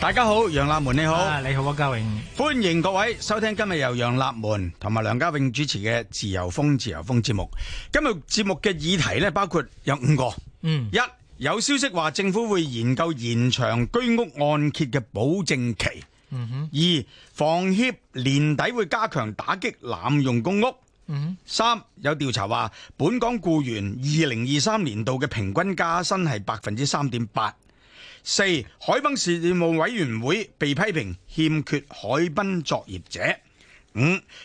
大家好，楊立門你好，啊、你好啊，我家榮，歡迎各位收聽今日由楊立門同埋梁家榮主持嘅《自由風自由風》節目。今日節目嘅議題呢，包括有五個，嗯，一，有消息話政府會研究延長居屋按揭嘅保證期，嗯哼，二，房協年底會加強打擊濫用公屋，嗯哼，三，有調查話本港雇員二零二三年度嘅平均加薪係百分之三點八。四、海濱事務委員會被批評欠缺海濱作業者。五、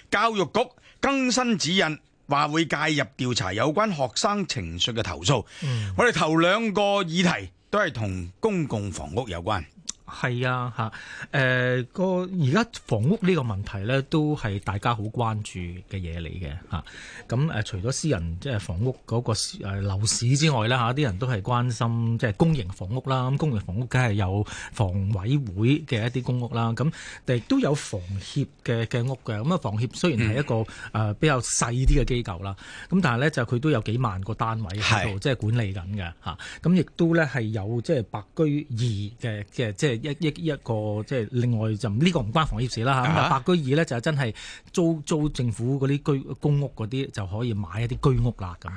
教育局更新指引，話會介入調查有關學生情緒嘅投訴。嗯。我哋頭兩個議題都係同公共房屋有關。係啊，吓，誒，個而家房屋呢個問題咧，都係大家好關注嘅嘢嚟嘅，吓，咁誒，除咗私人即係房屋嗰個誒樓市之外咧，吓，啲人都係關心，即係公營房屋啦。咁公營房屋梗係有房委會嘅一啲公屋啦，咁亦都有房協嘅嘅屋嘅。咁啊，房協雖然係一個誒比較細啲嘅機構啦，咁、嗯、但係咧就佢都有幾萬個單位喺度，即係管理緊嘅，吓。咁亦都咧係有即係白居二嘅嘅即係。一一一,一個即係另外就呢、呢個唔關房協事啦、啊、白居二呢就是、真係租租政府嗰啲居公屋嗰啲就可以買一啲居屋啦咁。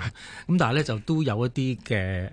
咁但係咧就都有一啲嘅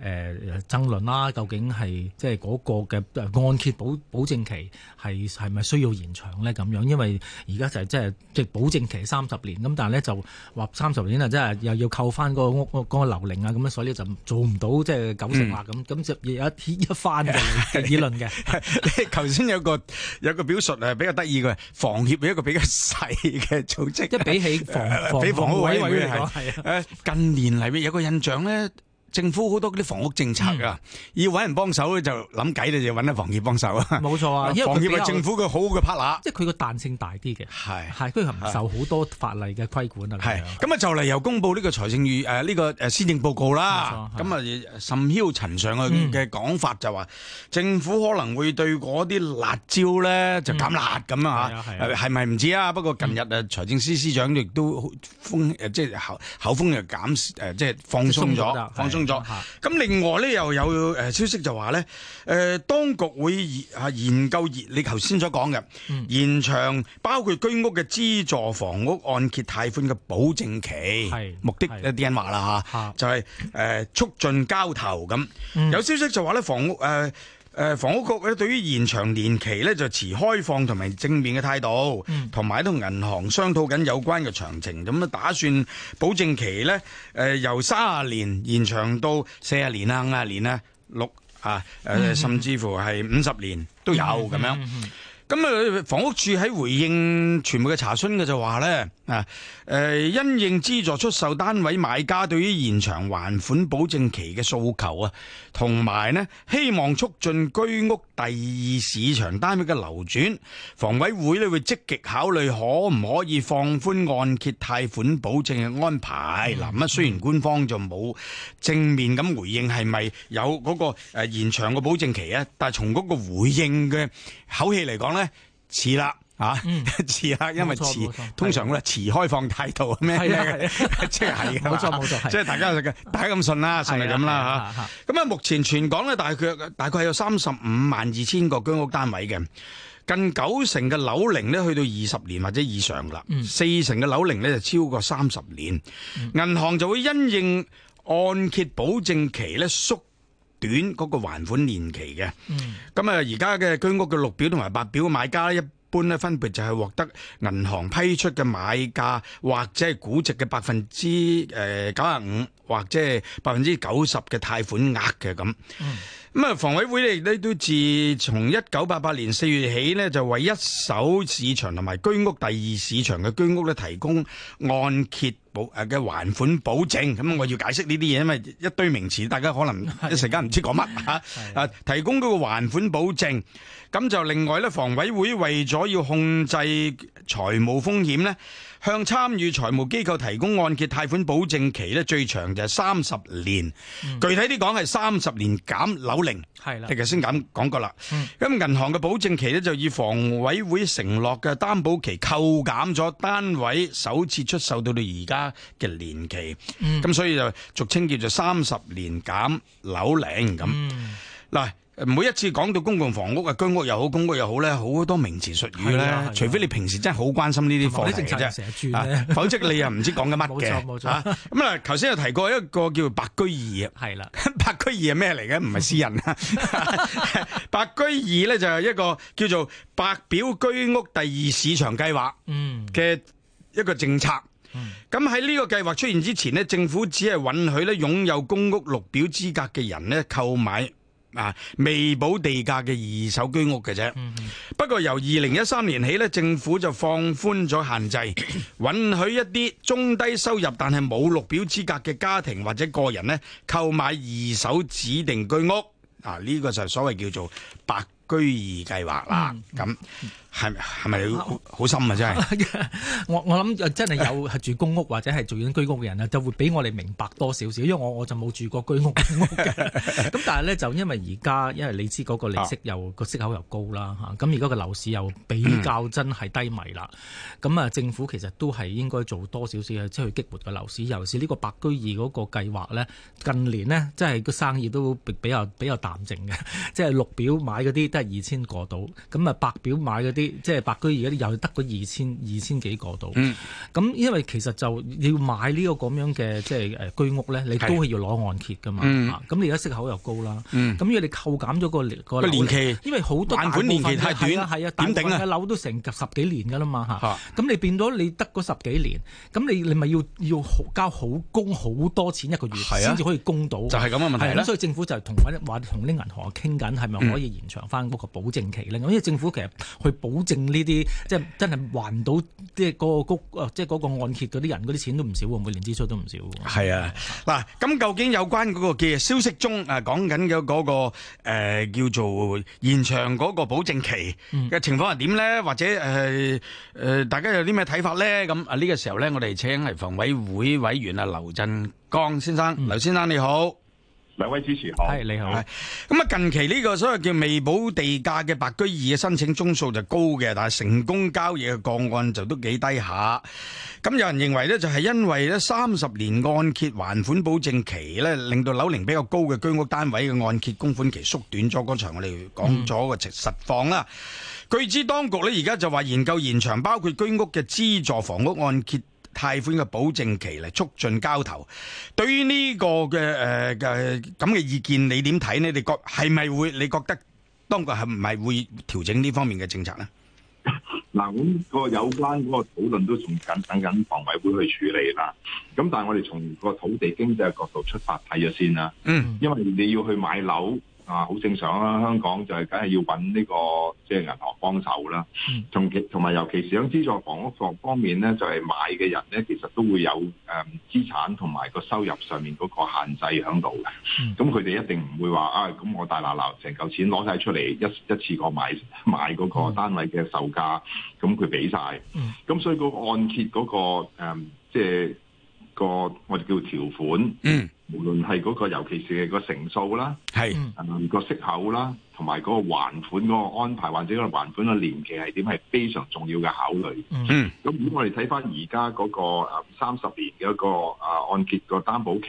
誒爭論啦，究竟係即係嗰個嘅按揭保保證期係係咪需要延長咧咁樣？因為而家就係即係即係保證期三十年咁，但係咧就話三十年啊，真、就、係、是、又要扣翻個屋、個樓齡啊咁樣，所以就做唔到即係九成八咁，咁、就是嗯、就有一一番嘅議論嘅。 頭 先有個有個表述係比較得意嘅，房協係一個比較細嘅組織。一比起房，房比房，房，房委員會係近年嚟，咪有個印象咧。政府好多啲房屋政策啊、嗯，要揾人幫手，就諗計你就揾啲房協幫手啊。冇錯啊，房協係政府嘅好嘅 partner，即係佢個彈性大啲嘅。係係，佢唔受好多法例嘅規管啊。係咁啊，就嚟又公布呢個財政預誒呢個誒施政報告啦。咁啊，甚囂塵上去嘅講法就話，嗯，政府可能會對嗰啲辣椒咧就減辣咁啊，係咪唔知啊，嗯。不過近日啊，嗯，財政司司長亦都即係，就是，口風又減即係，就是，放鬆咗，放工作，咁另外咧又有誒消息就話咧，誒、呃、當局會研研究熱，你頭先所講嘅延長包括居屋嘅資助房屋按揭貸款嘅保證期，係目的有啲人話啦吓，就係、是、誒、呃、促進交投咁。有消息就話咧房屋誒。呃誒房屋局咧對於延長年期咧就持開放同埋正面嘅態度，同埋同銀行商討緊有關嘅詳情，咁啊打算保證期咧誒、呃、由三十年延長到四十年啦，五十年啦，六十甚至乎係五十年都有咁樣。咁啊房屋署喺回應全部嘅查詢嘅就話咧。啊！誒，因應資助出售單位買家對於延長還款保證期嘅訴求啊，同埋呢希望促進居屋第二市場單位嘅流轉，房委會咧會積極考慮可唔可以放寬按揭貸款保證嘅安排。嗱，咁啊，雖然官方就冇正面咁回應係咪有嗰個誒延長嘅保證期啊，但係從嗰個回應嘅口氣嚟講呢，似啦。啊！遲、嗯、下， 因為遲，遲通常咧遲開放態度咩咩即係冇錯冇錯，即、啊、係、就是、大家大家咁信啦，成係咁啦嚇。咁啊，目前全港咧大概大概有三十五萬二千個居屋單位嘅，近九成嘅樓齡咧去到二十年或者以上啦、嗯，四成嘅樓齡咧就超過三十年、嗯。銀行就會因應按揭保證期咧縮短嗰個還款年期嘅。咁、嗯、啊，而家嘅居屋嘅綠表同埋白表買家一。般咧分別就係獲得銀行批出嘅買價，或者係估值嘅百分之呃九十五，或者百分之九十嘅貸款額嘅，咁。咁啊，房委會呢，都自從一九八八年四月起呢就為一手市場同埋居屋第二市場嘅居屋呢提供按揭保、誒嘅、啊、還款保證。咁我要解釋呢啲嘢，因為一堆名詞，大家可能一時間唔知講乜吓。啊，提供嗰個還款保證，咁就另外呢，房委會為咗要控制財務風險呢，向參與財務機構提供按揭貸款保證期咧，最長就係三十年、嗯。具體啲講係三十年減樓齡，係啦，先講講過啦。咁、嗯、銀行嘅保證期咧，就以房委會承諾嘅擔保期扣減咗單位首次出售到到而家嘅年期。咁、嗯、所以就俗稱叫做三十年減樓齡咁。嗱、嗯。每一次講到公共房屋啊，居屋又好，公屋又好咧，好多名詞術語咧、啊啊。除非你平時真係好關心政策呢啲課題啫，否則你又唔知講緊乜嘅。冇錯冇錯咁啊。頭先有提過一個叫白居二係啦，白居二係咩嚟嘅？唔係詩人啦， 白居二咧就係一個叫做白表居屋第二市場計劃嘅一個政策。咁喺呢個計劃出現之前咧，政府只係允許咧擁有公屋綠表資格嘅人咧購買。啊，未補地價嘅二手居屋嘅啫。Mm -hmm. 不過由二零一三年起政府就放寬咗限制，mm -hmm. 允許一啲中低收入但係冇綠表資格嘅家庭或者個人咧，購買二手指定居屋。啊，呢、呢個就係所謂叫做白居二計劃啦。咁、mm -hmm. 啊。係係咪好深啊？真 係，我我諗真係有住公屋或者係做緊居屋嘅人啊，就會比我哋明白多少少，因為我我就冇住過居屋咁 但係呢，就因為而家，因為你知嗰個利息又個、啊、息口又高啦嚇，咁而家個樓市又比較真係低迷啦。咁、嗯、啊，政府其實都係應該做多少少去即、就是、去激活個樓市。尤其是呢個白居二嗰個計劃咧，近年呢，真係個生意都比較比較淡靜嘅，即係綠表買嗰啲都係二千個到，咁啊白表買嗰啲。即係白居二 2000, 2000，而家又得嗰二千二千幾個度。咁因為其實就要買呢個咁樣嘅即係居屋咧，你都係要攞按揭噶嘛。咁、嗯啊、你而家息口又高啦。咁、嗯、因為你扣減咗、那個年、那個、年期，因為好多貸款年期太短係啊，啊，大部份嘅樓都成十幾年噶啦嘛咁、啊、你變咗你得嗰十幾年，咁你你咪要要交好供好多錢一個月，先至可以供到。啊、就係咁嘅問題啦、啊。所以政府就同話同啲銀行傾緊，係咪可以延長翻嗰個保證期咁、嗯、因為政府其實去保。保證呢啲即係真係還到，即係嗰個谷，即係嗰個按揭嗰啲人嗰啲錢都唔少，每年支出都唔少。係啊，嗱，咁究竟有關嗰個嘅消息中誒講緊嘅嗰個誒叫做延長嗰個保證期嘅情況係點咧？或者誒誒，大家有啲咩睇法咧？咁啊，呢個時候咧，我哋請係房委會委員阿劉振江先生，劉先生你好。兩位主持，係你好。咁啊，近期呢個所謂叫未補地價嘅白居二嘅申請宗數就高嘅，但係成功交易嘅個案就都幾低下。咁有人認為呢就係、是、因為呢三十年按揭還款保證期呢，令到樓齡比較高嘅居屋單位嘅按揭供款期縮短咗。剛才我哋講咗個實況啦、嗯。據知當局呢而家就話研究延長包括居屋嘅資助房屋按揭，貸款嘅保證期嚟促進交投，對於呢個嘅誒嘅咁嘅意見，你點睇咧？你覺係咪會？你覺得當局係唔係會調整呢方面嘅政策咧？嗱，咁個有關嗰個討論都仲緊等緊房委會去處理啦。咁但係我哋從個土地經濟嘅角度出發睇咗先啦。嗯，因為你要去買樓。啊，好正常啦，香港就係梗係要搵呢個即係銀行幫手啦。同同埋，尤其是響資助房屋房方面咧，就係買嘅人咧，其實都會有誒資產同埋個收入上面嗰個限制響度嘅。咁佢哋一定唔會話啊，咁我大拿拿成嚿錢攞晒出嚟一一次過買買嗰個單位嘅售價，咁佢俾晒。咁所以個按揭嗰個誒，即係個我哋叫條款。嗯無論係嗰個，尤其是個成數啦，係個、嗯、息口啦，同埋嗰個還款嗰個安排，或者個還款個年期係點，係非常重要嘅考慮。嗯，咁如果我哋睇翻而家嗰個誒三十年嘅一個啊按揭個擔保期、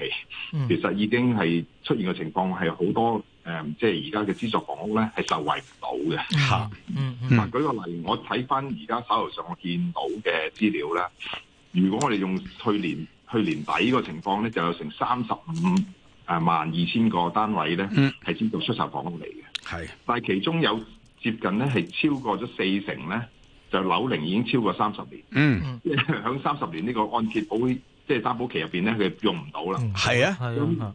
嗯，其實已經係出現嘅情況係好多誒、嗯，即係而家嘅資助房屋咧係受惠唔到嘅吓。嗯、啊、嗯，嗱、嗯啊、舉個例，我睇翻而家手頭上我見到嘅資料咧，如果我哋用去年。去年底個情況咧，就有成三十五誒萬二千個單位咧，係、嗯、先做出售房屋嚟嘅。係，但係其中有接近咧係超過咗四成咧，就樓齡已經超過三十年。嗯，即係喺三十年呢個按揭保即係擔保期入邊咧，佢用唔到啦。係、嗯嗯、啊，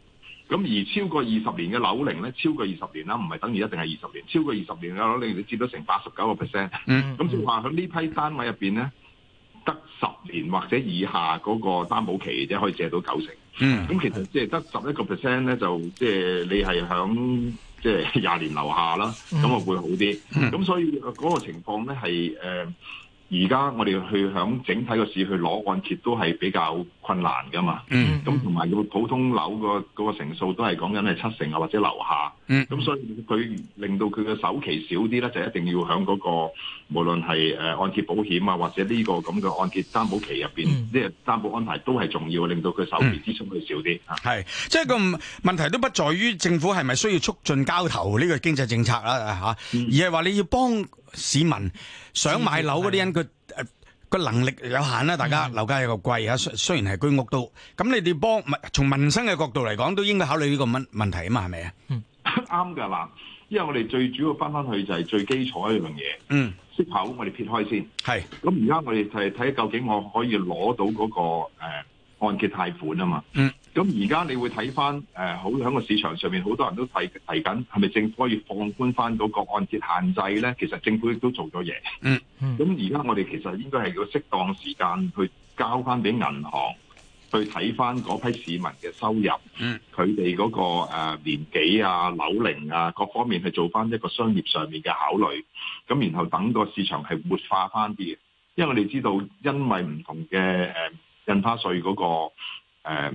咁咁、啊、而超過二十年嘅樓齡咧，超過二十年啦，唔係等於一定係二十年，超過二十年嘅樓齡，你接到成八十九個 percent。咁 就係話喺呢批單位入邊咧。得十年或者以下嗰個擔保期，即係可以借到九成。嗯，咁其實即係得十一個 percent 咧，就即係、就是、你係響，即係廿年樓下啦，咁啊會好啲。咁、嗯、所以嗰個情況咧係誒。而家我哋去響整體個市去攞按揭都係比較困難噶嘛，咁同埋佢普通樓個、嗰個成數都係講緊係七成啊或者樓下，咁、嗯、所以佢令到佢嘅首期少啲咧，就一定要響嗰、嗰個無論係誒按揭保險啊或者呢個咁嘅按揭擔保期入邊呢個擔保安排都係重要，令到佢首期支出去少啲、嗯、啊。係，即、就、係、是、個問題都不在於政府係咪需要促進交投呢個經濟政策啦、啊、吓、啊，而係話你要幫。市民想買樓嗰啲人，佢個能力有限啦。大家樓價又貴啊，雖雖然係居屋都咁，你哋幫從民生嘅角度嚟講，都應該考慮呢個問問題啊嘛，係咪啊？啱㗎喇，因為我哋最主要返返去就係最基礎一樣嘢，嗯，戶口我哋撇開先，係咁而家我哋就係睇究竟我可以攞到嗰個誒按揭貸款啊嘛，嗯。咁而家你會睇翻誒，好喺個市場上面好多人都提提緊，係咪政府可以放寬翻嗰個按揭限制咧？其實政府亦都做咗嘢。嗯，咁而家我哋其實應該係要適當時間去交翻俾銀行去睇翻嗰批市民嘅收入，嗯，佢哋嗰個、呃、年紀啊、樓齡啊各方面去做翻一個商業上面嘅考慮。咁然後等個市場係活化翻啲，因為我哋知道，因為唔同嘅誒、呃、印花稅嗰、嗰個、呃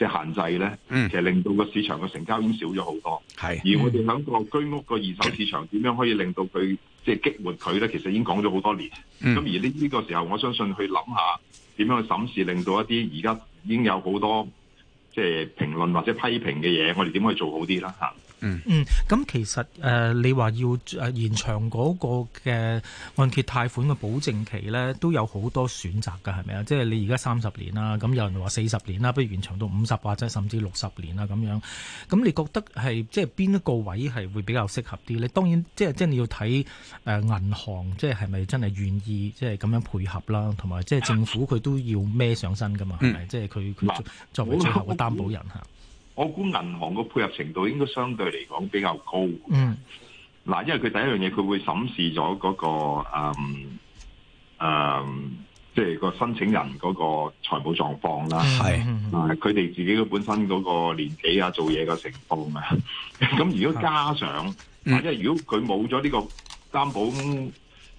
即係限制咧，其實令到個市場嘅成交已經少咗好多。係，而我哋響個居屋個二手市場點樣可以令到佢即係激活佢咧？其實已經講咗好多年。咁，嗯，而呢呢個時候，我相信去諗下點樣去審視，令到一啲而家已經有好多即係評論或者批評嘅嘢，我哋點可以做好啲啦？嚇！嗯，咁其實誒、呃，你話要誒延長嗰個嘅按揭貸款嘅保證期咧，都有好多選擇噶，係咪啊？即係你而家三十年啦，咁有人話四十年啦，不如延長到五十或者甚至六十年啦咁樣。咁你覺得係即係邊一個位係會比較適合啲咧？當然，即係即係你要睇誒、呃、銀行，即係係咪真係願意即係咁樣配合啦？同埋即係政府佢都要孭上身噶嘛？係咪、嗯、即係佢佢作為最後嘅擔保人嚇？我估銀行個配合程度應該相對嚟講比較高。嗯，嗱，因為佢第一樣嘢佢會審視咗嗰、那個誒、嗯嗯、即係個申請人嗰個財務狀況啦。係，係佢哋自己本身嗰個年紀啊，做嘢嘅程度啊。咁如果加上、嗯，因為如果佢冇咗呢個擔保。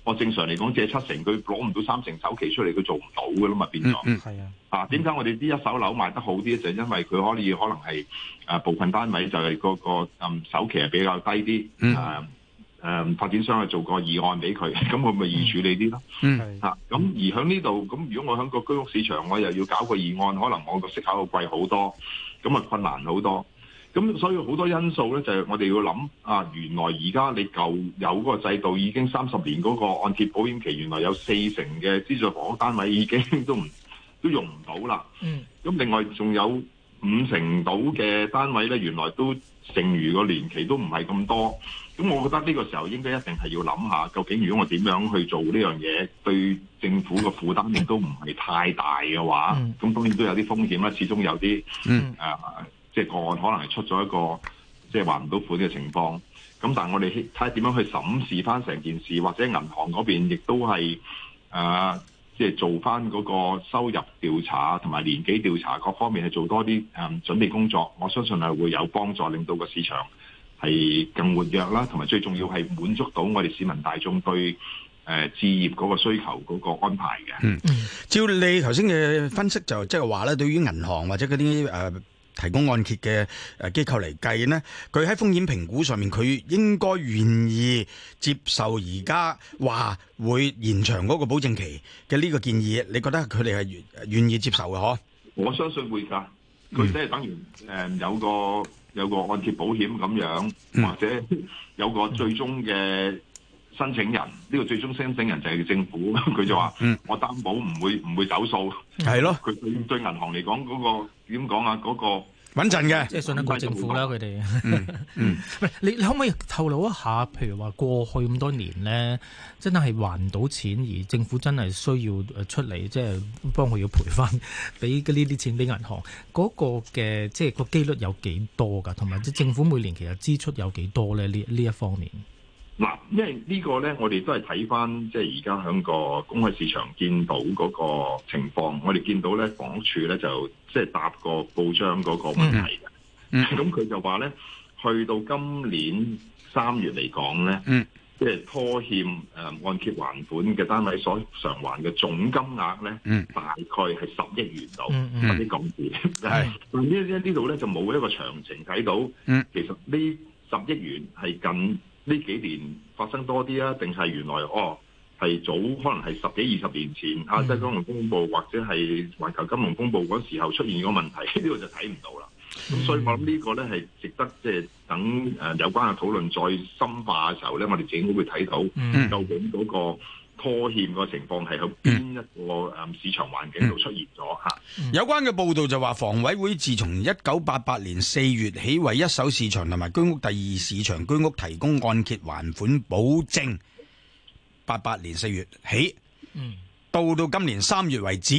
我正常嚟講借七成，佢攞唔到三成首期出嚟，佢做唔到噶啦嘛，變咗。嗯，係啊。啊，點解我哋呢一手樓賣得好啲？就因為佢可以可能係啊、呃、部分單位就係嗰、嗰個、嗰個嗯、首期係比較低啲。嗯。誒、啊嗯、發展商去做個議案俾佢，咁我咪易處理啲咯。嗯。嚇，咁、啊、而喺呢度，咁如果我喺個居屋市場，我又要搞個議案，可能我個息口又貴好多，咁咪困難好多。咁所以好多因素咧，就係我哋要諗啊！原來而家你舊有個制度已經三十年嗰個按揭保險期，原來有四成嘅資助房屋單位已經都唔都用唔到啦。咁另外仲有五成到嘅單位咧，原來都剩餘個年期都唔係咁多。咁我覺得呢個時候應該一定係要諗下，究竟如果我點樣去做呢樣嘢，對政府嘅負擔亦都唔係太大嘅話，咁當然都有啲風險啦。始終有啲即係個案可能係出咗一個即係還唔到款嘅情況，咁但係我哋睇點樣去審視翻成件事，或者銀行嗰邊亦都係誒、呃、即係做翻嗰個收入調查同埋年紀調查各方面，去做多啲誒、嗯、準備工作。我相信係會有幫助，令到個市場係更活躍啦，同埋最重要係滿足到我哋市民大眾對誒、呃、置業嗰個需求嗰個安排嘅。嗯，照你頭先嘅分析就即係話咧，對於銀行或者嗰啲誒。呃提供按揭嘅誒機構嚟計咧，佢喺風險評估上面，佢應該願意接受而家話會延長嗰個保證期嘅呢個建議，你覺得佢哋係願願意接受嘅嗬？我相信會噶，佢即係等於誒有個有個按揭保險咁樣，或者有個最終嘅申請人。呢個最終申請人就係政府，佢就話：我擔保唔會唔會走數，係咯。佢對，對銀行嚟講嗰個點講啊？嗰個穩陣嘅，即係信得過政府啦。佢、嗯、哋，唔係你， 你可唔可以透露一下？譬如話過去咁多年咧，真係還唔到錢，而政府真係需要誒出嚟，即係幫佢要賠翻，俾呢啲錢俾銀行。嗰、嗰個嘅即係個幾率有幾多噶？同埋，即政府每年其實支出有幾多咧？呢呢一,一方面。嗱，因為呢個呢個咧，我哋都係睇翻，即係而家喺個公開市場見到嗰個情況，我哋見到咧房署咧就即係答個報章嗰個問題嘅。咁、嗯、佢、嗯、就話咧，去到今年三月嚟講咧，即、嗯、係、就係、拖欠誒、呃、按揭還款嘅單位所償還嘅總金額咧、嗯，大概係十億元度。或者講字係，呢一呢度咧就冇一個詳情睇到、嗯。其實呢十億元係近。呢幾年發生多啲啊，定係原來哦係早可能係十幾二十年前亞洲、mm -hmm. 金融風暴或者係環球金融風暴嗰時候出現嗰問題，呢、這個就睇唔到啦。咁、mm -hmm. 所以我諗呢個咧係值得即係、就是、等、呃、有關嘅討論再深化嘅時候咧，我哋整會睇到究竟嗰個。拖欠個情況係喺邊一個誒市場環境度出現咗吓、嗯嗯？有關嘅報道就話，房委會自從一九八八年四月起，為一手市場同埋居屋第二市場居屋提供按揭還款保證。八八年四月起，嗯，到到今年三月為止，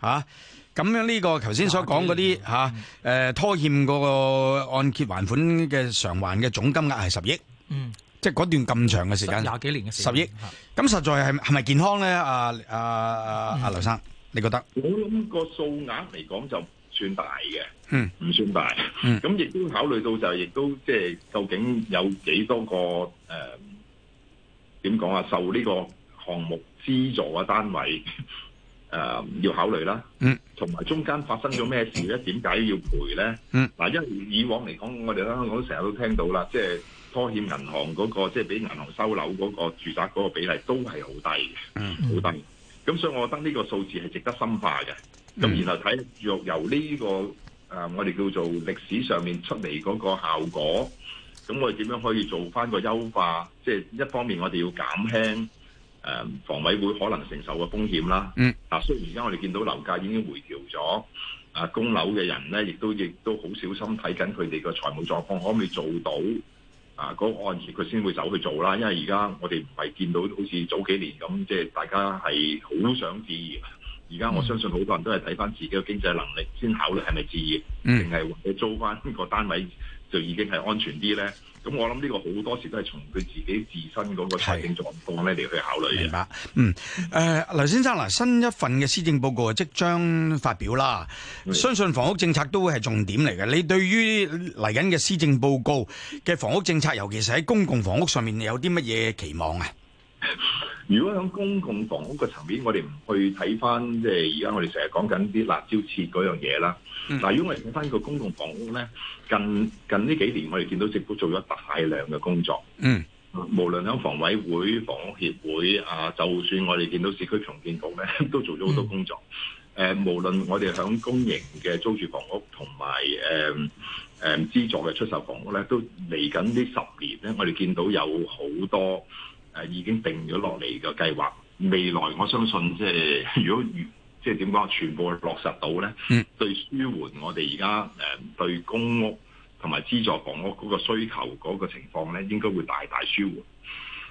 吓、嗯、咁、啊、樣，呢個頭先所講嗰啲吓誒拖欠個按揭還款嘅償還嘅總金額係十億，嗯。即係嗰段咁長嘅時間，廿幾年嘅時間，十億。咁實在係係咪健康咧？阿阿阿劉生，你覺得？我諗個數額嚟講就唔算大嘅，嗯，唔算大。咁亦都考慮到就係，亦都即係究竟有幾多個誒？點講啊？受呢個項目資助嘅單位誒，要考慮啦。嗯。同埋中間發生咗咩事咧？點解要賠咧？嗯。嗱，因為以往嚟講，我哋喺香港成日都聽到啦，即係。拖欠銀行嗰個即係俾銀行收樓嗰個住宅嗰個比例都係好低嘅，好低。咁所以，我覺得呢個數字係值得深化嘅。咁然後睇若由呢個誒，我哋叫做歷史上面出嚟嗰個效果，咁我哋點樣可以做翻個優化？即係一方面，我哋要減輕誒房委會可能承受嘅風險啦。嗯。啊，雖然而家我哋見到樓價已經回調咗，啊，供樓嘅人咧，亦都亦都好小心睇緊佢哋嘅財務狀況，可唔可以做到？啊！嗰、那個案時佢先會走去做啦，因為而家我哋唔係見到好似早幾年咁，即係大家係好想置業。而家我相信好多人都係睇翻自己嘅經濟能力，先考慮係咪置業，定係或者租翻個單位就已經係安全啲咧。咁我諗呢個好多時都係從佢自己自身嗰個財政狀況咧嚟去考慮嘅。明白。嗯，誒，劉先生嗱，新一份嘅施政報告即將發表啦，相信房屋政策都會係重點嚟嘅。你對於嚟緊嘅施政報告嘅房屋政策，尤其是喺公共房屋上面，你有啲乜嘢期望啊？如果喺公共房屋嘅層面，我哋唔去睇返，即係而家我哋成日講緊啲辣椒切嗰樣嘢啦。嗱、嗯，但如果我哋睇返呢個公共房屋咧，近近呢幾年我哋見到政府做咗大量嘅工作。嗯，無論喺房委會、房屋協會啊，就算我哋見到市區重建局咧，都做咗好多工作。誒、嗯，無論我哋喺公營嘅租住房屋同埋誒誒資助嘅出售房屋咧，都嚟緊呢十年咧，我哋見到有好多。誒已經定咗落嚟嘅計劃，未來我相信即係如果即係點講，全部落實到呢，嗯、對舒緩我哋而家誒對公屋同埋資助房屋嗰個需求嗰個情況呢，應該會大大舒緩。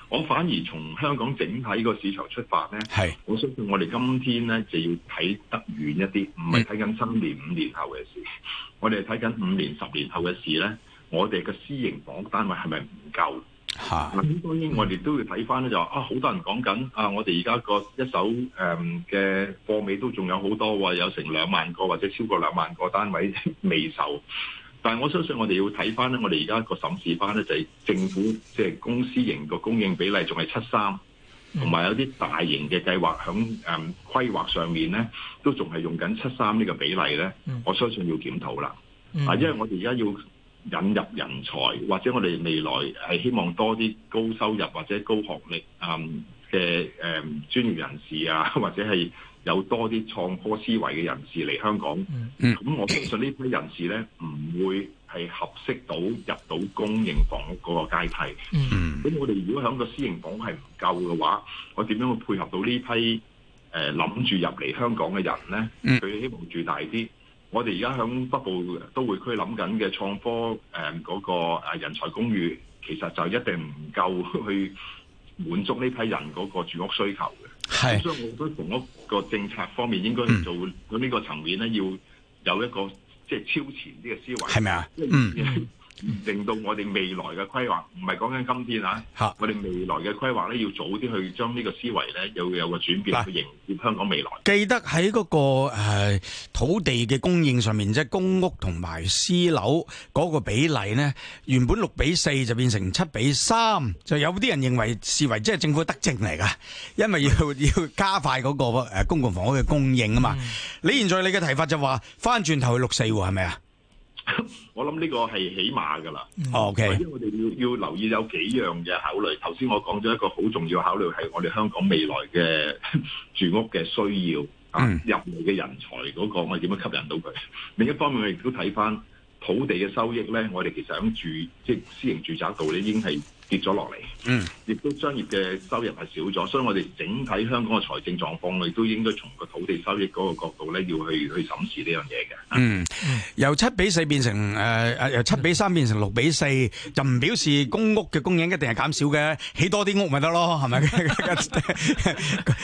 我反而從香港整體個市場出發呢，我相信我哋今天呢就要睇得遠一啲，唔係睇緊新年五年後嘅事，嗯、我哋睇緊五年十年後嘅事呢，我哋嘅私營房屋單位係咪唔夠？吓咁、嗯，當然我哋都要睇翻咧，就啊，好多人講緊啊，我哋而家個一手誒嘅、嗯、貨尾都仲有好多喎、哦，有成兩萬個或者超過兩萬個單位未售。但係我相信我哋要睇翻咧，我哋而家個審視翻咧，就係政府即係公私營個供應比例仲係七三，同埋有啲大型嘅計劃響誒、嗯、規劃上面咧，都仲係用緊七三呢個比例咧、嗯。我相信要檢討啦，啊、嗯，因為我哋而家要。引入人才，或者我哋未來係希望多啲高收入或者高學歷嘅誒專業人士啊，或者係有多啲創科思維嘅人士嚟香港。咁、嗯嗯、我相信呢批人士咧，唔會係合適到入到公營房屋嗰個階梯。咁、嗯、我哋如果響個私營房係唔夠嘅話，我點樣去配合到呢批誒諗住入嚟香港嘅人咧？佢希望住大啲。我哋而家響北部都會區諗緊嘅創科誒嗰，呃嗰個人才公寓，其實就一定唔夠去滿足呢批人嗰個住屋需求嘅。係，所以我覺得房屋個政策方面應該做喺，嗯、呢、這個層面咧，要有一個即係超前啲嘅思維。係咪啊？嗯。 令到我哋未來嘅規劃，唔係講緊今天吓，我哋未來嘅規劃咧，要早啲去將呢個思維咧，有有個轉變去迎接香港未來。記得喺嗰個誒土地嘅供應上面，即係公屋同埋私樓嗰個比例咧，原本六比四就變成七比三，就有啲人認為視為即係政府德政嚟㗎，因為要要加快嗰個誒公共房屋嘅供應啊嘛。你現在你嘅提法就話翻轉頭去六四係咪啊？我諗呢個係起碼噶啦，OK。因為我哋要要留意有幾樣嘅考慮。頭先我講咗一個好重要的考慮係我哋香港未來嘅住屋嘅需要啊，入嚟嘅人才嗰、那個我哋點樣吸引到佢？另一方面我亦都睇返土地嘅收益咧，我哋其實響住即係私營住宅度咧已經係。跌咗落嚟，嗯，亦都商業嘅收入係少咗，所以我哋整體香港嘅財政狀況，我哋都應該從個土地收益嗰個角度咧，要去去審視呢樣嘢嘅。嗯，由七比四變成誒誒，由七比三變成六比四，就唔表示公屋嘅供應一定係減少嘅，起多啲屋咪得咯，係咪？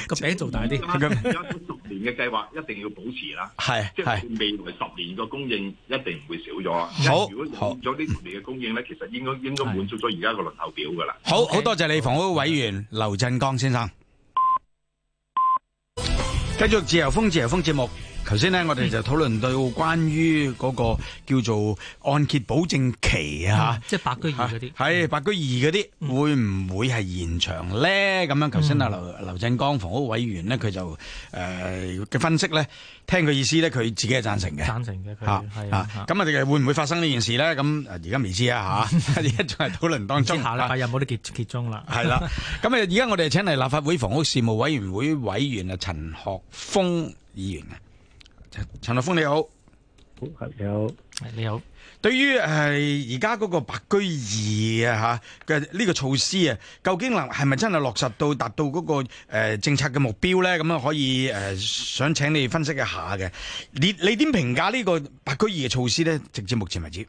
個餅做大啲。而家十年嘅計劃一定要保持啦。係，即係未來十年個供應一定唔會少咗。好，好。如果滿咗呢十年嘅供應咧，其實應該應該滿足咗而家個輪候。表㗎喇，好、okay。好多謝你，房、okay。屋委員劉、okay。振江先生。繼 續自由風自由風節目。頭先呢我哋就討論到關於嗰個叫做按揭保證期啊，即係白居二嗰啲，係白居二嗰啲會唔會係延長咧？咁樣頭先啊，劉劉振江房屋委員咧，佢就誒嘅分析咧，聽佢意思咧，佢自己係贊成嘅，贊成嘅佢，吓，咁啊，我哋會唔會發生呢件事咧？咁而家未知啊，吓，而家仲係討論當中，下日又冇得結結中啦，係啦。咁啊，而家我哋請嚟立法會房屋事務委員會委員啊，陳學鋒議員啊。陳學鋒你好，好，你好，你好。對於係而家嗰個白居二啊吓嘅呢個措施啊，究竟能係咪真係落實到達到嗰個誒政策嘅目標咧？咁樣可以誒，想請你分析一下嘅。你你點評價呢個白居二嘅措施咧？直至目前為止。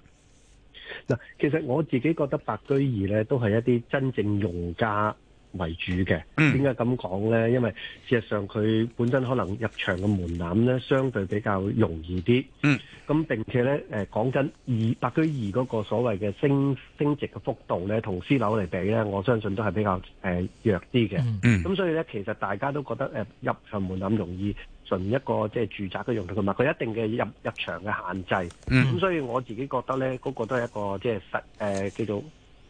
嗱，其實我自己覺得白居二咧都係一啲真正用家。為主嘅，點解咁講呢？因為事實上佢本身可能入場嘅門檻呢，相對比較容易啲。咁、嗯、並且呢，誒講真，二白居二嗰個所謂嘅升升值嘅幅度呢，同私樓嚟比呢，我相信都係比較誒、呃、弱啲嘅。咁、嗯、所以呢，其實大家都覺得誒、呃、入場門檻容易，順一個即係住宅嘅用途同埋，佢一定嘅入入場嘅限制。咁、嗯、所以我自己覺得呢，嗰、那個都係一個即係實誒、呃、叫做，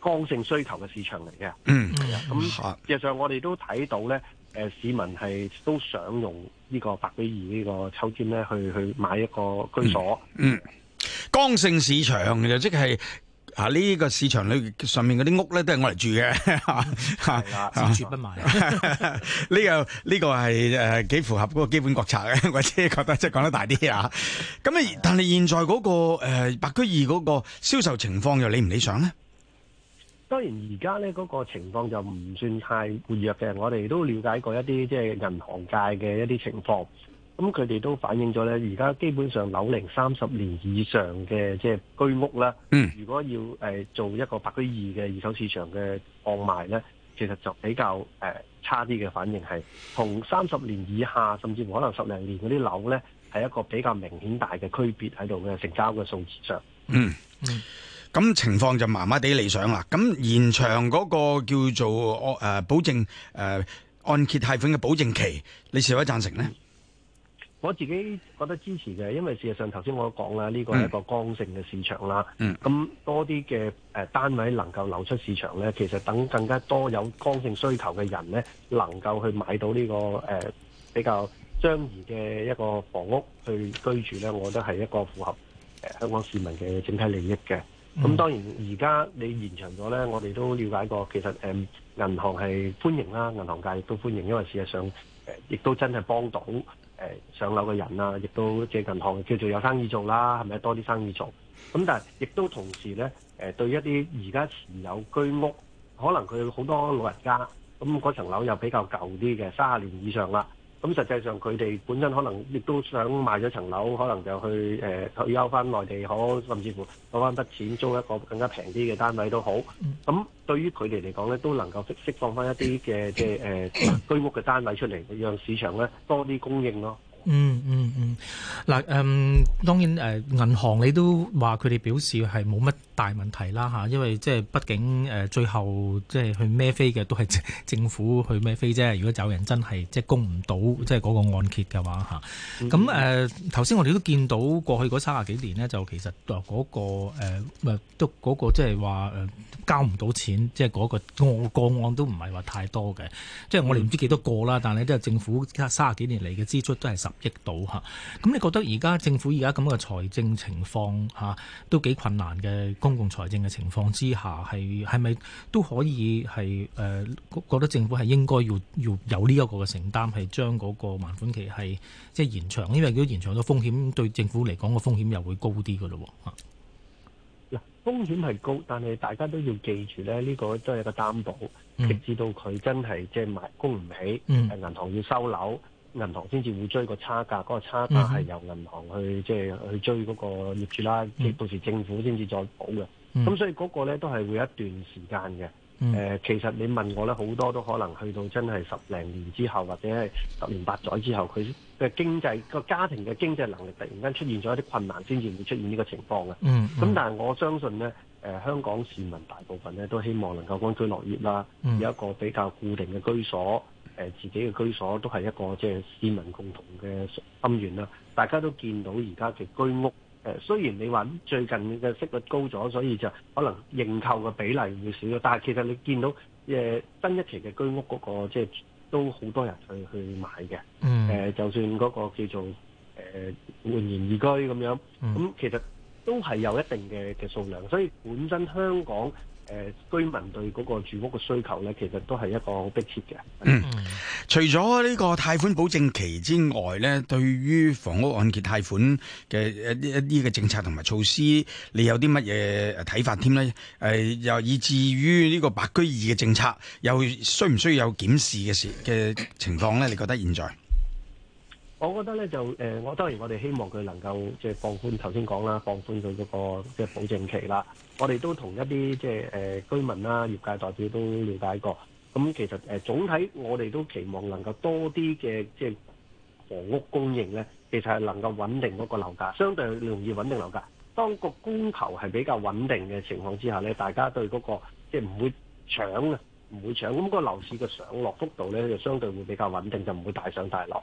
剛性需求嘅市場嚟嘅，嗯，咁、嗯、事實上我哋都睇到咧，誒、呃，市民係都想用呢個白居易呢個抽籤咧去去買一個居所。嗯，剛、嗯、性市場就即係啊呢、這個市場裏上面嗰啲屋咧都係我嚟住嘅，係 啊是的，住 不賣。呢、 這個呢、這個係誒、呃、幾符合嗰個基本國策嘅， 或者覺得即係講得大啲啊。咁啊，但係現在嗰、那個誒白、呃、居易嗰個銷售情況又理唔理想咧？當然而家呢個情況就唔算太活躍嘅，我哋都了解過一啲即係銀行界嘅一啲情況，咁佢哋都反映咗呢。而家基本上樓齡三十年以上嘅即係居屋啦，嗯，如果要誒、呃、做一個白居二嘅二手市場嘅放賣呢，其實就比較誒、呃、差啲嘅反應係，同三十年以下甚至乎可能十零年嗰啲樓呢，係一個比較明顯大嘅區別喺度嘅成交嘅數字上，嗯。嗯。咁情況就麻麻地理想啦。咁延長嗰個叫做、呃、保證、呃、按揭貸款嘅保證期，你是否贊成呢？我自己覺得支持嘅，因為事實上頭先我講啦，呢、這個係一個剛性嘅市場啦。嗯。咁多啲嘅呃、單位能夠流出市場咧，其實等更加多有剛性需求嘅人咧，能夠去買到呢、這個、呃、比較張揚嘅一個房屋去居住咧，我覺得係一個符合呃、香港市民嘅整體利益嘅。咁、嗯、當然而家你延長咗呢，我哋都了解過，其實誒銀行係歡迎啦，銀行界亦都歡迎，因為事實上誒亦都真係幫到誒上樓嘅人啊，亦都借銀行叫做有生意做啦，係咪多啲生意做？咁但係亦都同時呢，誒對一啲而家持有居屋，可能佢好多老人家咁嗰層樓又比較舊啲嘅，三十年以上啦。咁實際上佢哋本身可能亦都想賣咗層樓，可能就去誒、呃、退休翻內地好，甚至乎攞翻筆錢租一個更加平啲嘅單位都好。咁對於佢哋嚟講咧，都能夠釋放翻一啲嘅即係誒居屋嘅單位出嚟，讓市場咧多啲供應咯。嗯嗯嗯，嗱、嗯、誒、嗯，當然誒銀行你都話佢哋表示係冇乜大問題啦吓，因為即係畢竟誒最後即係去孭飛嘅都係政府去孭飛啫。如果走人真係即係供唔到即係嗰個按揭嘅話吓，咁誒頭先我哋都見到過去嗰三十幾年咧，就其實嗰、那個誒、呃、都嗰個即係話誒交唔到錢即係嗰個個案都唔係話太多嘅，即、嗯、係、就是、我哋唔知幾多個啦，但係都係政府三十幾年嚟嘅支出都係十。益到吓，咁你覺得而家政府而家咁嘅財政情況吓都幾困難嘅公共財政嘅情況之下係，係，係咪都可以係誒、呃、覺得政府係應該要要有呢一個嘅承擔，係將嗰個還款期係即係延長，因為如果延長咗，風險，對政府嚟講個風險又會高啲嘅咯吓，嗱，風險係高，但係大家都要記住咧，呢、這個都係一個擔保，直至到佢真係即係買，供唔起，銀行要收樓。銀行先至會追個差價，嗰、那個差價係由銀行去即係、就是、去追嗰個業主啦、嗯。到時政府先至再補嘅。咁、嗯、所以嗰個咧都係會一段時間嘅。誒、嗯呃，其實你問我咧，好多都可能去到真係十零年之後，或者係十年八載之後，佢即係經濟個家庭嘅經濟能力突然間出現咗一啲困難，先至會出現呢個情況嘅。咁、嗯嗯、但係我相信咧，誒、呃、香港市民大部分咧都希望能夠安居樂業啦，有、嗯、一個比較固定嘅居所。自己嘅居所都係一個即係市民共同嘅心願。啦，大家都見到而家嘅居屋誒、呃，雖然你話最近嘅息率高咗，所以就可能認購嘅比例會少咗，但係其實你見到誒新、呃、一期嘅居屋嗰、那個即係都好多人去去買嘅、mm. 呃，就算嗰個叫做誒煥、呃、然懿居咁樣，咁、嗯 mm. 其實都係有一定嘅嘅數量，所以本身香港。誒、呃，居民對嗰個住屋嘅需求咧，其實都係一個好迫切嘅。嗯，除咗呢個貸款保證期之外咧，對於房屋按揭貸款嘅一啲一啲嘅政策同埋措施，你有啲乜嘢睇法添咧？誒、呃，又以至於呢個白居二嘅政策，又需唔需要有檢視嘅嘅情況咧？你覺得現在？我覺得咧就誒，我、呃、當然我哋希望佢能夠即係放寬頭先講啦，放寬佢嗰、那個即係保證期啦。我哋都同一啲即係誒、呃、居民啦、業界代表都了解過。咁其實誒、呃、總體我哋都期望能夠多啲嘅即係房屋供應咧，其實係能夠穩定嗰個樓價，相對容易穩定樓價。當個供求係比較穩定嘅情況之下咧，大家對嗰、那個即係唔會搶，唔會搶咁、那個樓市嘅上落幅度咧，就相對會比較穩定，就唔會大上大落。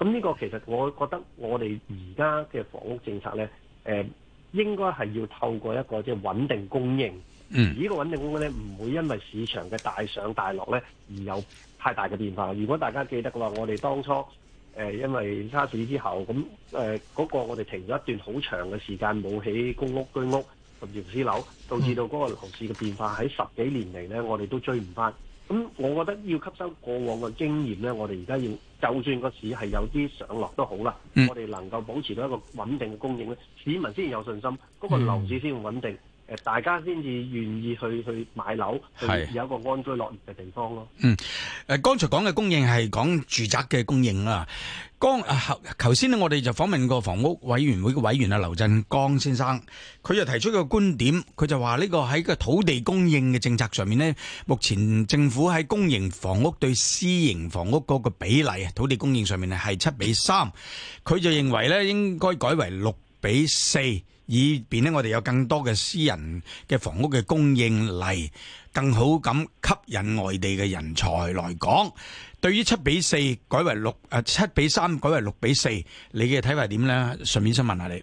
咁、這、呢個其實我覺得我哋而家嘅房屋政策呢，誒、呃、應該係要透過一個即係穩定供應。嗯，呢個穩定供應呢，唔會因為市場嘅大上大落呢而有太大嘅變化。如果大家記得嘅話，我哋當初、呃、因為沙士之後，咁、呃、嗰、那個我哋停咗一段好長嘅時間冇起公屋居屋同廉租樓，導致到嗰個樓市嘅變化喺十幾年嚟呢，我哋都追唔翻。我覺得要吸收過往嘅經驗呢，我哋而家要就算個市係有啲上落都好啦，我哋能夠保持到一個穩定嘅供應呢，市民先有信心，嗰、那個樓市先會穩定。大家先至願意去去買樓，係有一個安居樂業嘅地方咯。嗯，誒，剛才講嘅供應係講住宅嘅供應啦。剛頭先咧，我哋就訪問過房屋委員會嘅委員啊，劉振江先生，佢就提出一個觀點，佢就話呢個喺個土地供應嘅政策上面咧，目前政府喺公營房屋對私營房屋嗰個比例啊，土地供應上面咧係七比三，佢就認為咧應該改為六比四。以便咧，我哋有更多嘅私人嘅房屋嘅供應嚟，更好咁吸引外地嘅人才來港。對於七比四改為六，誒七比三改為六比四，你嘅睇法點咧？順便想問下你，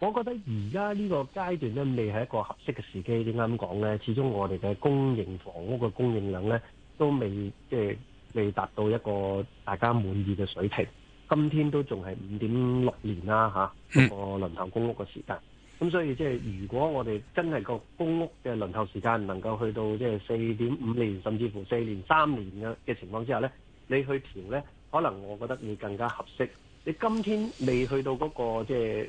我覺得而家呢個階段咧，未係一個合適嘅時機。點解咁講咧，始終我哋嘅供應房屋嘅供應量咧，都未即係未達到一個大家滿意嘅水平。今天都仲係五點六年啦，嚇，個輪候公屋嘅時間。咁所以即係如果我哋真係個公屋嘅輪候時間能夠去到即係四點五年，甚至乎四年、三年嘅嘅情況之下呢，你去調呢，可能我覺得你更加合適。你今天未去到嗰個即係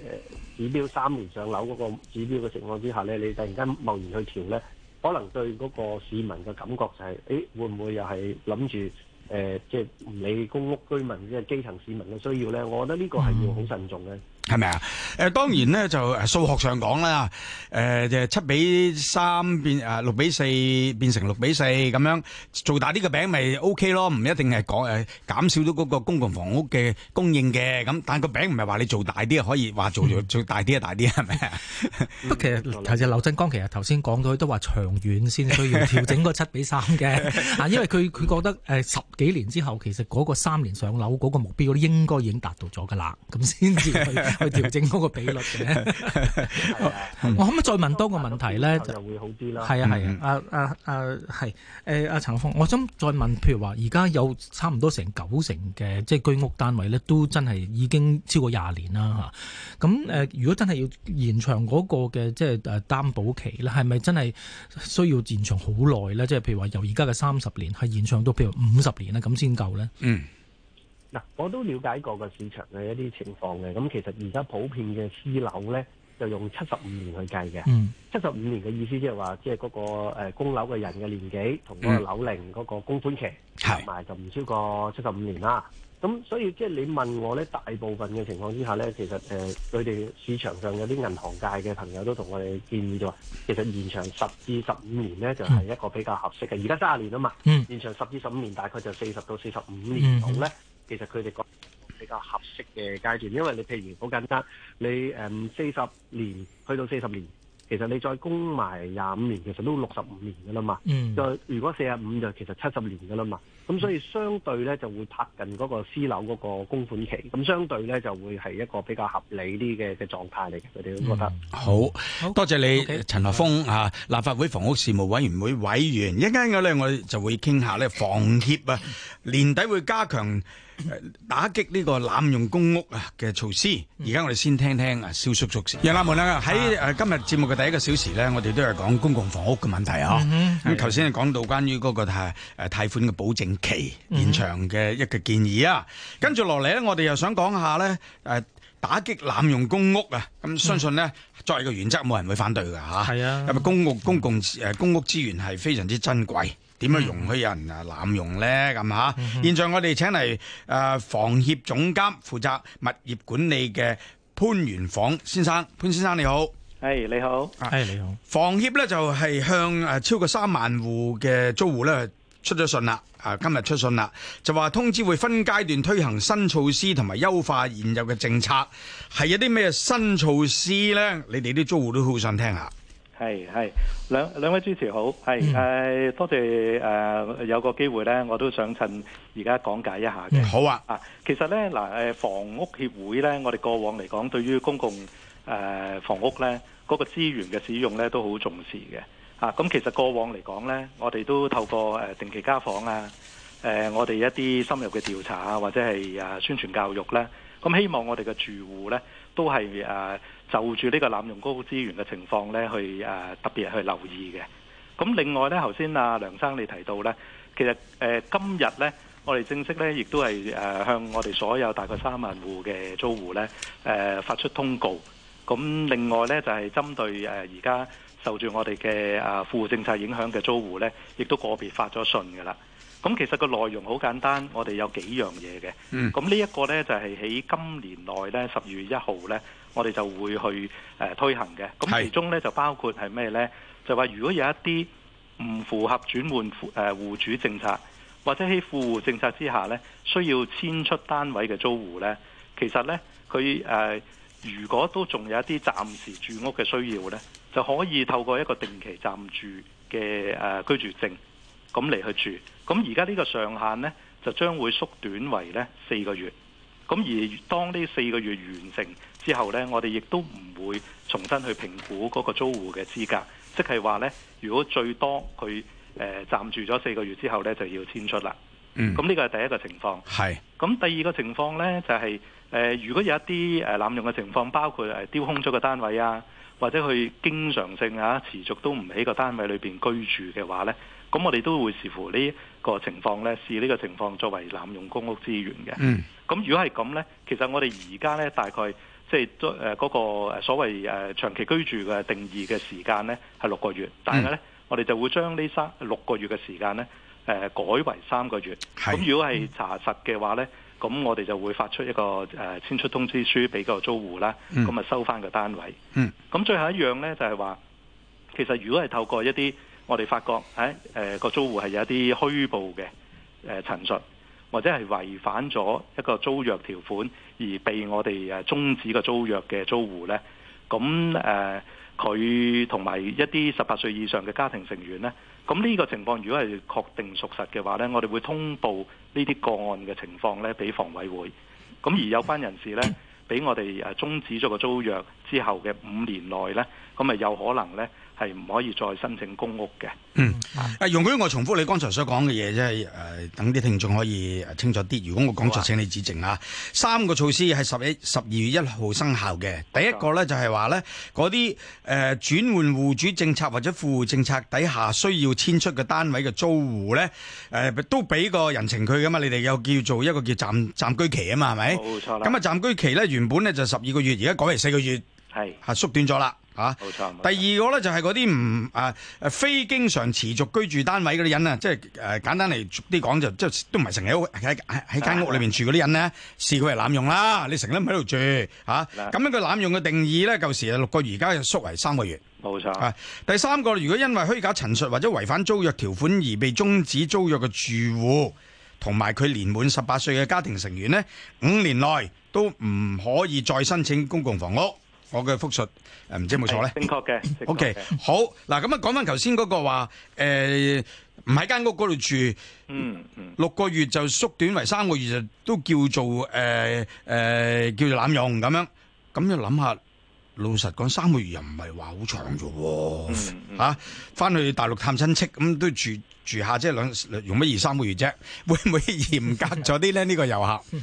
指標三年上樓嗰個指標嘅情況之下呢，你突然間貿然去調呢，可能對嗰個市民嘅感覺就係，誒會唔會又係諗住？誒、呃，即係唔理公屋居民，即係基層市民嘅需要咧，我覺得呢個係要好慎重嘅。嗯係咪啊？誒、呃，當然咧就數學上講啦，誒、呃，就七、是、比三變誒六比四變成六比四咁樣做大啲個餅咪 OK 咯，唔一定係講誒減少咗嗰個公共房屋嘅供應嘅，咁，但個餅唔係話你做大啲啊可以話做做，做大啲啊大啲係咪啊？不、嗯、 其實頭先劉振江其實頭先講到都話長遠先需要調整個七比三嘅，啊， 因為佢佢覺得誒、呃、十幾年之後其實嗰個三年上樓嗰個目標應該已經達到咗噶啦，咁先至。去調整嗰個比率嘅 我可唔可以再問多個問題咧？就會好啲啦。係啊係啊，啊啊啊係，誒阿、呃、陳鋒。我想再問，譬如話而家有差唔多成九成嘅即係居屋單位咧，都真係已經超過廿年啦嚇。咁、嗯、誒、呃，如果真係要延長嗰個嘅即係誒擔保期咧，係咪真係需要延長好耐咧？即、就、係、是、譬如話由而家嘅三十年係延長到譬如五十年咧，咁先夠咧？嗯。嗱，我都了解過個市場嘅一啲情況嘅，咁其實而家普遍嘅私樓咧，就用七十五年去計嘅。嗯。七十五年嘅意思即係話，即係嗰個供樓嘅人嘅年紀同嗰個樓齡嗰個供款期，係、嗯、埋就唔超過七十五年啦。咁所以即係你問我咧，大部分嘅情況之下咧，其實誒佢哋市場上有啲銀行界嘅朋友都同我哋建議就話，其實延長十至十五年咧，就係一個比較合適嘅。而家卅年啊嘛，嗯，延長十至十五年，大概就四十到四十五年到咧。嗯嗯。其實佢哋講比較合適嘅階段，因為你譬如好簡單，你誒四十年去到四十年，其實你再供埋廿五年，其實都六十五年噶啦嘛。嗯，就如果四十五就其實七十年噶啦嘛。咁所以相對咧就會拍近嗰個私樓嗰個供款期，咁相對咧就會係一個比較合理啲嘅嘅狀態嚟。佢哋都覺得、嗯、好，好，多謝你、okay. 陳學鋒、okay. 啊，立法會房屋事務委員會委員。一間嘅咧，我哋就會傾下咧房協啊，年底會加強。打擊呢個濫用公屋啊嘅措施，而家我哋先聽聽啊蕭叔叔先。楊阿門啊，喺今日節目嘅第一個小時咧，我哋都係講公共房屋嘅問題嗬。咁頭先係講到關於嗰個貸誒貸款嘅保證期延長嘅一個建議啊，跟住落嚟咧，我哋又想講下咧誒打擊濫用公屋啊。咁相信咧作為個原則，冇人會反對噶吓。係啊，因為公屋公共誒公屋資源係非常之珍貴。點樣容許人啊濫用呢？咁、嗯、下，現在我哋請嚟誒房協總監，負責物業管理嘅潘源舫先生，潘先生你好，係你好，係你好。房協呢就係向誒超過三萬戶嘅租戶咧出咗信啦，啊今日出信啦，就話通知會分階段推行新措施同埋優化現有嘅政策，係有啲咩新措施呢？你哋啲租戶都好想聽下。係係兩兩位主持好係誒、啊、多謝誒、呃、有個機會咧，我都想趁而家講解一下嘅。好啊，啊其實咧嗱誒房屋協會咧，我哋過往嚟講對於公共誒、呃、房屋咧嗰、那個資源嘅使用咧都好重視嘅啊。咁其實過往嚟講咧，我哋都透過誒定期家訪啊，誒、呃、我哋一啲深入嘅調查啊，或者係誒宣傳教育咧，咁、啊、希望我哋嘅住戶咧都係誒。啊就住呢個濫用高資資源嘅情況咧，去、呃、特別去留意嘅。咁另外咧，頭、啊、先阿梁生你提到咧，其實、呃、今日咧，我哋正式咧亦都係、呃、向我哋所有大概三萬戶嘅租戶咧誒、呃、發出通告。咁另外咧就係、是、針對而家、呃、受住我哋嘅誒輔政策影響嘅租戶咧，亦都個別發咗信㗎啦。咁其實個內容好簡單，我哋有幾樣嘢嘅。嗯。咁呢一個咧就係、是、喺今年內咧十二月一號咧。我哋就會去誒、呃、推行嘅。咁其中咧就包括係咩呢？就話如果有一啲唔符合轉換戶誒戶主政策，或者喺富戶政策之下呢，需要遷出單位嘅租戶呢，其實呢，佢誒、呃、如果都仲有一啲暫時住屋嘅需要呢，就可以透過一個定期暫住嘅誒、呃、居住證咁嚟去住。咁而家呢個上限呢，就將會縮短為呢四個月。咁而當呢四個月完成。之後呢，我哋亦都唔會重新去評估嗰個租戶嘅資格，即係話呢，如果最多佢誒暫住咗四個月之後呢，就要遷出啦。嗯，咁呢個係第一個情況。係。咁第二個情況呢，就係、是呃、如果有一啲誒、呃、濫用嘅情況，包括誒丟、呃、空咗個單位啊，或者佢經常性啊持續都唔喺個單位裏面居住嘅話呢，咁我哋都會視乎呢個情況呢，視呢個情況作為濫用公屋資源嘅。嗯。咁如果係咁呢，其實我哋而家呢，大概。即係誒嗰個所謂誒、呃、長期居住嘅定義嘅時間咧係六個月，但係咧、嗯、我哋就會將呢三六個月嘅時間咧誒改為三個月。咁如果係查實嘅話咧，咁、嗯、我哋就會發出一個誒遷、呃、出通知書俾個租戶啦。咁、嗯、啊收翻個單位。咁、嗯嗯、最後一樣咧就係、是、話，其實如果係透過一啲我哋發覺誒誒個租戶係有一啲虛報嘅誒陳述。呃或者係違反咗一個租約條款而被我哋誒終止個租約嘅租戶呢。咁誒佢同埋一啲十八歲以上嘅家庭成員呢，咁呢個情況如果係確定屬實嘅話呢，我哋會通報呢啲個案嘅情況呢俾房委會。咁而有關人士呢，俾我哋誒終止咗個租約之後嘅五年內呢，咁咪有可能呢。係唔可以再申請公屋嘅。嗯，誒、啊，容許我重複你剛才所講嘅嘢，即係誒，等、呃、啲聽眾可以清楚啲。如果我講錯，請你指正啊。三個措施係十一、十二月一號生效嘅、嗯。第一個咧就係話咧，嗰啲誒轉換戶主政策或者富戶政策底下需要遷出嘅單位嘅租戶咧，誒、呃、都俾個人情佢噶嘛。你哋又叫做一個叫暫暫居期啊嘛，係咪？冇錯啦。咁啊，暫居期咧、啊那個、原本咧就十二個月，而家改為四個月，係縮短咗啦。吓、啊，第二個呢，就係嗰啲唔誒非經常持續居住單位嗰啲人，就是、啊，即係誒簡單嚟啲講就即都唔係成日喺喺喺間屋裏面住嗰啲人呢，視佢係濫用啦。你成日唔喺度住吓，咁、啊、樣，個濫用嘅定義呢，舊時係六個月，而家縮為三個月。冇錯、啊。第三個，如果因為虛假陳述或者違反租約條款而被終止租約嘅住戶，同埋佢年滿十八歲嘅家庭成員呢，五年內都唔可以再申請公共房屋。我嘅複述誒唔知有冇錯咧？正確嘅。O、okay, K，好嗱，咁啊講翻頭先嗰個話誒，唔喺間屋嗰度住，嗯，嗯，六個月就縮短為三個月，就都叫做誒誒、呃呃、叫做濫用咁樣。咁就諗下，老實講，三個月又唔係話好長啫喎、啊，嚇、嗯！翻、嗯啊、去大陸探親戚咁都住住下，即、就、係、是、兩用乜二三個月啫，會唔會嚴格咗啲咧？呢、這個遊客。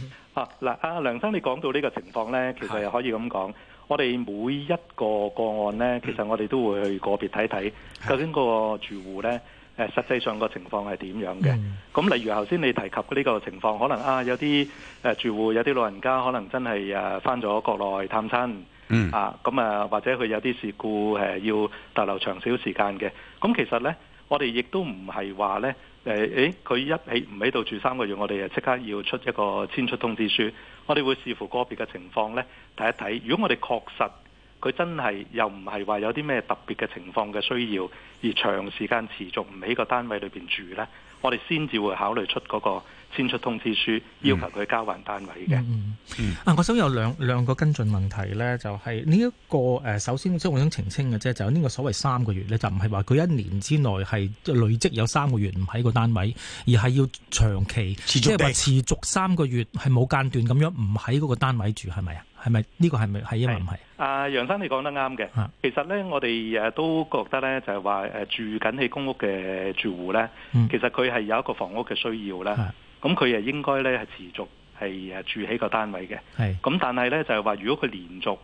嗱、啊，阿梁生，你講到呢個情況呢，其實又可以咁講，我哋每一個個案呢，其實我哋都會去個別睇睇，究竟嗰個住戶呢，誒實際上個情況係點樣嘅？咁例如頭先你提及呢個情況，可能啊有啲誒住戶有啲老人家，可能真係誒返咗國內探親，啊、嗯、咁啊，或者佢有啲事故誒要逗留長少時間嘅。咁其實呢，我哋亦都唔係話呢。誒、欸，誒，佢一起唔喺度住三個月，我哋就即刻要出一個遷出通知書。我哋會視乎個別嘅情況呢，睇一睇。如果我哋確實佢真係又唔係話有啲咩特別嘅情況嘅需要，而長時間持續唔喺個單位裏邊住呢，我哋先至會考慮出嗰個。先出通知書，要求佢交還單位嘅。嗯嗯，嗯啊，我想有兩兩個跟進問題咧，就係呢一個誒，首先即係我想澄清嘅啫，就係、是、呢個所謂三個月咧，就唔係話佢一年之內係累積有三個月唔喺個單位，而係要長期，即係話持續三個月係冇間斷咁樣唔喺嗰個單位住，係咪啊？係咪呢個係咪係因為唔係？啊，楊生你講得啱嘅、啊。其實咧我哋誒都覺得咧就係話誒住緊喺公屋嘅住戶咧，其實佢係有一個房屋嘅需要咧。啊咁佢又應該咧係持續係住喺個單位嘅，咁但係咧就係話，如果佢連續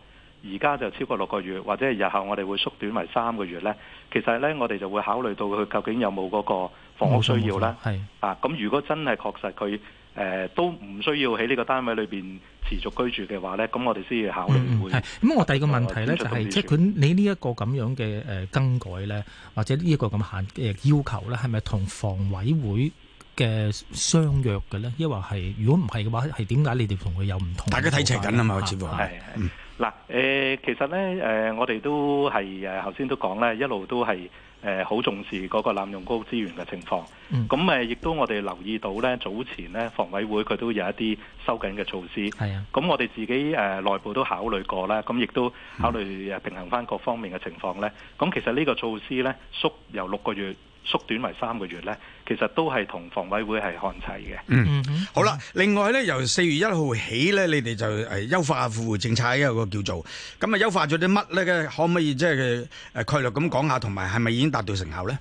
而家就超過六個月，或者係日後我哋會縮短為三個月咧，其實咧我哋就會考慮到佢究竟有冇嗰個房屋需要啦。啊，咁如果真係確實佢、呃、都唔需要喺呢個單位裏面持續居住嘅話咧，咁我哋先要考慮會。嗯，咁、嗯、我第二個問題咧、呃、就係、是，即管你呢一個咁樣嘅更改咧，或者呢一個咁限要求咧，係咪同房委會？嘅相約嘅咧，抑或係如果唔係嘅話，係點解你哋同佢有唔同？大家睇齊緊啊嘛，個節目。係係。嗱誒，其實咧誒，我哋都係誒，頭先都講咧，一路都係誒，好重視嗰個濫用高資源嘅情況。咁誒，亦都我哋留意到咧，早前咧，房委會佢都有一啲收緊嘅措施。係啊。咁我哋自己誒內部都考慮過啦，咁亦都考慮平衡翻各方面嘅情況咧。咁其實呢個措施咧縮由六個月，縮短為三個月咧，其實都係同房委會係看齊嘅。嗯嗯，好啦，另外咧，由四月一號起咧，你哋就誒優化下富戶政策，有一個叫做咁啊，優化咗啲乜咧？可唔可以即係誒概略咁講下，同埋係咪已經達到成效咧？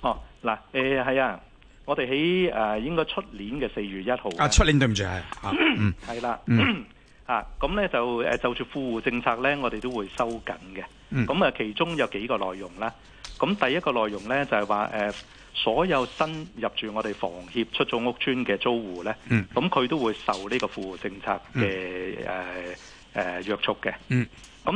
哦，嗱誒係啊，我哋喺誒應該出年嘅四月一號啊，出年對唔住係，嗯，係啦，啊咁咧就誒就住富戶政策咧，我哋都會收緊嘅。嗯，咁啊，其中有幾個內容啦。咁第一個內容呢就係話誒，所有新入住我哋房協出租屋邨嘅租戶呢，咁、嗯、佢都會受呢個富戶政策嘅誒誒約束嘅。咁、嗯、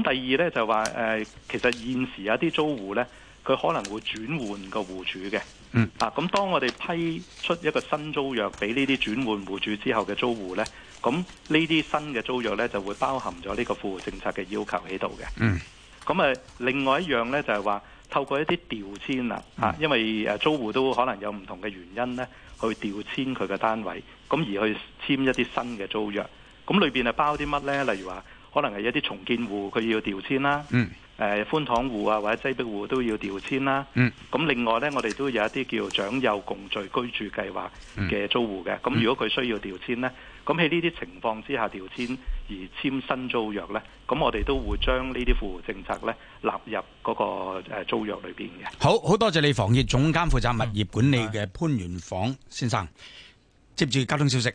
第二呢就話誒、呃，其實現時有啲租戶呢，佢可能會轉換個戶主嘅、嗯。啊，咁當我哋批出一個新租約俾呢啲轉換戶主之後嘅租戶呢，咁呢啲新嘅租約呢，就會包含咗呢個富戶政策嘅要求喺度嘅。咁、嗯、誒，另外一樣呢就係話。透過一啲調遷啦嚇，因為誒租戶都可能有唔同嘅原因咧，去調遷佢嘅單位，咁而去簽一啲新嘅租約。咁裏邊係包啲乜咧？例如話，可能係一啲重建戶佢要調遷啦，誒、嗯、寬敞戶啊或者擠迫戶都要調遷啦。咁、嗯、另外咧，我哋都有一啲叫長幼共聚居住計劃嘅租戶嘅。咁、嗯、如果佢需要調遷咧，咁喺呢啲情況之下調遷。而簽新租約呢，咁我哋都會將呢啲輔助政策呢納入嗰個租約裏邊嘅。好，好多謝你房協總監負責物業管理嘅潘源舫先生。接住交通消息。